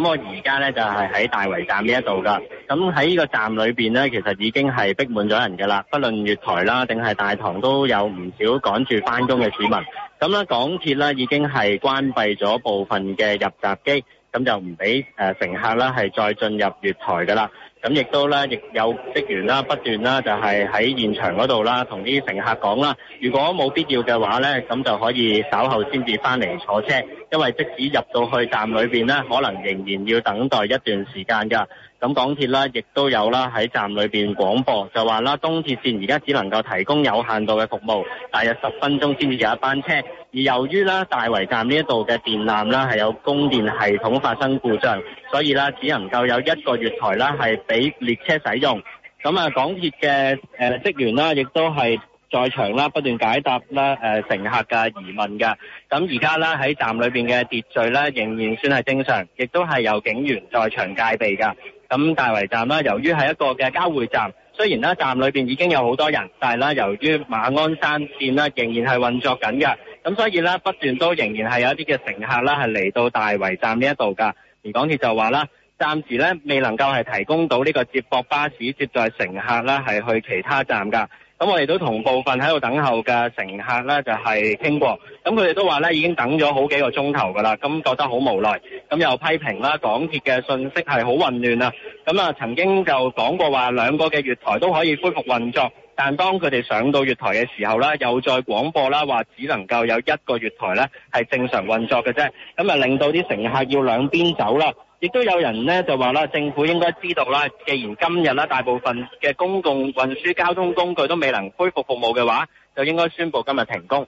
咁我而家咧就係喺大圍站呢一度㗎。咁喺呢個站裏面咧，其實已經係逼滿咗人㗎啦。不論月台啦，定係大堂都有唔少趕住返工嘅市民。咁咧，港鐵咧已經係關閉咗部分嘅入閘機，咁就唔俾誒乘客啦，係再進入月台㗎啦。咁亦都咧，亦有職員啦，不斷啦，就係喺現場嗰度啦，同啲乘客講啦，如果冇必要嘅話咧，咁就可以稍後先至返嚟坐車，因為即使入到去站裏面咧，可能仍然要等待一段時間㗎。咁港鐵啦，亦都有啦喺站裏面廣播，就話啦，東鐵線而家只能夠提供有限度嘅服務，大約十分鐘先至有一班車。而由於啦大圍站呢一度嘅電纜啦係有供電系統發生故障，所以啦只能夠有一個月台啦係，俾列車使用，咁啊，港鐵嘅誒職員啦，亦都係在場啦，不斷解答啦誒乘客嘅疑問㗎。咁而家咧喺站裏面嘅秩序咧，仍然算係正常，亦都係有警員在場戒備噶。咁大圍站啦由於係一個嘅交匯站，雖然啦站裏面已經有好多人，但係咧由於馬鞍山線啦仍然係運作緊㗎。咁所以咧不斷都仍然係有一啲嘅乘客啦係嚟到大圍站呢一度噶。而港鐵就話啦。暫時咧未能夠係提供到呢個接駁巴士接載乘客啦，係去其他站噶。咁我哋都同部分喺度等候嘅乘客啦就係傾過。咁佢哋都話咧已經等咗好幾個鐘頭噶啦，咁覺得好無奈。咁又批評啦，港鐵嘅信息係好混亂啦。咁啊，曾經就講過話兩個嘅月台都可以恢復運作，但當佢哋上到月台嘅時候啦，又再廣播啦話只能夠有一個月台咧係正常運作嘅啫。咁啊，令到啲乘客要兩邊走啦。亦都有人呢就話啦，政府應該知道啦，既然今日啦大部分嘅公共運輸交通工具都未能恢復服務嘅話，就應該宣布今日停工。